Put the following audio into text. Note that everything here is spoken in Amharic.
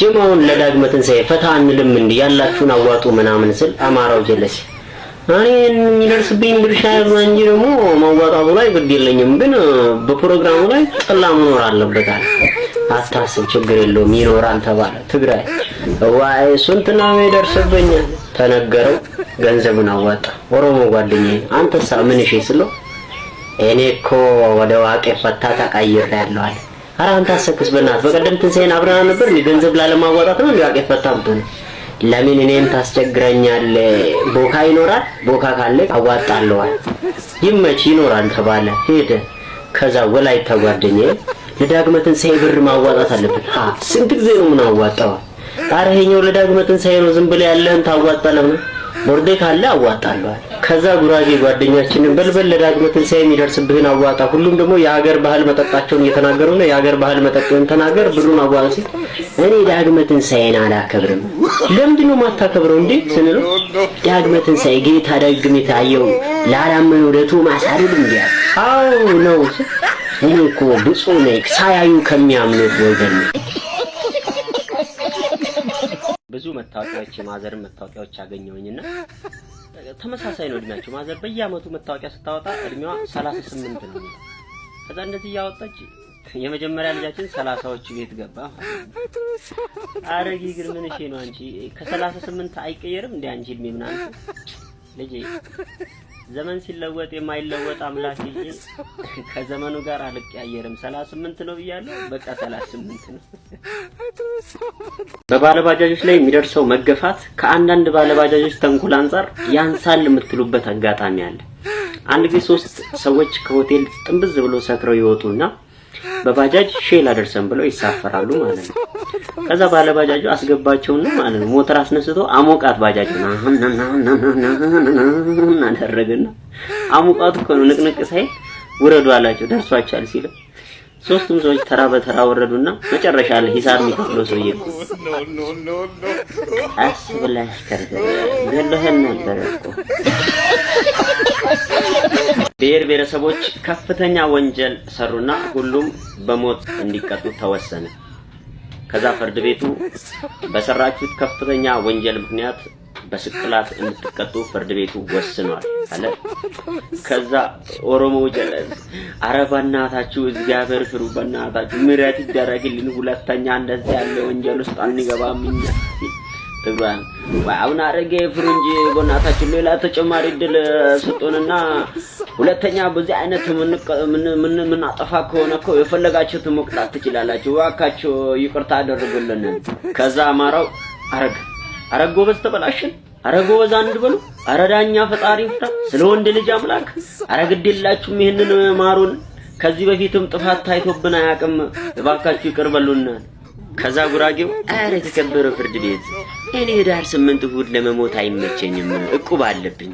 ጅማውን ለዳግመ ትንሣኤ ፈታ አንልም እንዲ ያላችሁን አዋጡ ምናምን ስል አማራው ጀለሴ እኔ የሚደርስብኝ ድርሻ ያዛ እንጂ ደግሞ ማዋጣቱ ላይ ግድ የለኝም፣ ግን በፕሮግራሙ ላይ ጥላ መኖር አለበታል። አታስብ፣ ችግር የለውም ይኖራል ተባለ። ትግራይ ዋይ ሱንትና ይደርስብኛል ተነገረው። ገንዘቡን አዋጣ። ኦሮሞ ጓደኛዬ አንተሳ ምን እሺ ስለው እኔ እኮ ወደ ዋቄ ፈታ ተቀይሬያለሁ አለ። ኧረ አንተ አሰክስ በእናትህ። በቀደም ትንሣኤን አብረና ነበር። ገንዘብ ላለማዋጣት ነው እንዲያውቅ የፈታብን። ለምን እኔም ታስቸግረኛለህ? ቦካ ይኖራል። ቦካ ካለ አዋጣለዋል። ይመች ይኖራል ተባለ። ሄደ። ከዛ ወላይ ጓደኛዬ ለዳግመ ትንሣኤ ብር ማዋጣት አለብን። አ ስንት ጊዜ ነው ምን አዋጣው? ኧረ ይኸኛው ለዳግመ ትንሣኤ ነው። ዝም ብለህ ያለህን ታዋጣለህ። ቦርዴ ካለ አዋጣለዋል። ከዛ ጉራጌ ጓደኛችንን በልበል ለዳግመ ትንሳኤ የሚደርስብህን አዋጣ፣ ሁሉም ደግሞ የሀገር ባህል መጠጣቸውን እየተናገሩ ነው። የሀገር ባህል መጠጥን ተናገር፣ ብሩን አዋጣ ሲል እኔ ዳግመ ትንሣኤን አላከብርም። ለምንድን ነው ማታከብረው እንዴ ስንለው ዳግመ ትንሳኤ ጌታ ዳግም የታየው ላላመነ ወደቱ ማሳደድ እንዲያ አዎ ነው። እኔ እኮ ብፁዕ ነኝ ሳያዩ ከሚያምኑት ወገን ብዙ መታወቂያዎች የማዘርን መታወቂያዎች አገኘውኝና ተመሳሳይ ነው እድሜያቸው። ማዘር በየአመቱ መታወቂያ ስታወጣ እድሜዋ 38 ነው። ከዛ እንደዚህ እያወጣች የመጀመሪያ ልጃችን ሰላሳዎች ቤት ገባ። አረጊ ግን ምን እሺ ነው አንቺ ከሰላሳ ስምንት አይቀየርም እንደ አንቺ እድሜ ምናምን ልጄ ዘመን ሲለወጥ የማይለወጥ አምላክ ይዤ ከዘመኑ ጋር አልቀያየርም። 38 ነው ብያለሁ፣ በቃ 38 ነው። በባለባጃጆች ላይ የሚደርሰው መገፋት ከአንዳንድ ባለባጃጆች ተንኮል አንጻር ያንሳል የምትሉበት አጋጣሚ አለ። አንድ ጊዜ ሶስት ሰዎች ከሆቴል ጥንብዝ ብሎ ሰክረው ይወጡና በባጃጅ ሼል አደርሰን ብለው ይሳፈራሉ ማለት ነው። ከዛ ባለ ባጃጁ አስገባቸውና ማለት ነው ሞተር አስነስቶ አሞቃት ባጃጅ አደረገና አሞቃቱ እኮ ነው ንቅንቅ ሳይል ውረዱ አላቸው። ደርሷቸዋል ሲለው ሶስቱም ሰዎች ተራ በተራ ወረዱና መጨረሻ ላይ ሂሳብ የሚከፍለው ሰውዬ እኮ ቀስ ብለህ አሽከርክር ገለኸን ነበር እኮ ብሔር ብሔረሰቦች ከፍተኛ ወንጀል ሰሩና ሁሉም በሞት እንዲቀጡ ተወሰነ። ከዛ ፍርድ ቤቱ በሰራችሁት ከፍተኛ ወንጀል ምክንያት በስቅላት እንድትቀጡ ፍርድ ቤቱ ወስኗል አለ። ከዛ ኦሮሞ ጀለስ አረ በእናታችሁ እግዚአብሔር ፍሩ፣ በእናታችሁ ምሕረት ይደረግልን፣ ሁለተኛ እንደዚህ ያለ ወንጀል ውስጥ አንገባም እኛ እግሯን አቡነ አረጌ ፍሩ እንጂ ጎናታችን ሌላ ተጨማሪ እድል ስጡንና ሁለተኛ በዚህ አይነት ምናጠፋ ከሆነ እኮ የፈለጋችሁትን መቅጣት ትችላላችሁ። እባካችሁ ይቅርታ አደርጉልን። ከዛ አማራው አረግ አረግ ጎበዝ ተበላሽን አረ ጎበዝ አንድ በሉ። አረ ዳኛ ፈጣሪ ፍራ፣ ስለ ወንድ ልጅ አምላክ። አረ ግድላችሁም ይህንን ማሩን። ከዚህ በፊትም ጥፋት ታይቶብን አያውቅም። እባካችሁ ይቅር በሉናል። ከዛ ጉራጌው አረ የተከበረው ፍርድ ቤት እኔ ህዳር ስምንት እሁድ ለመሞት አይመቸኝም፣ እቁብ አለብኝ።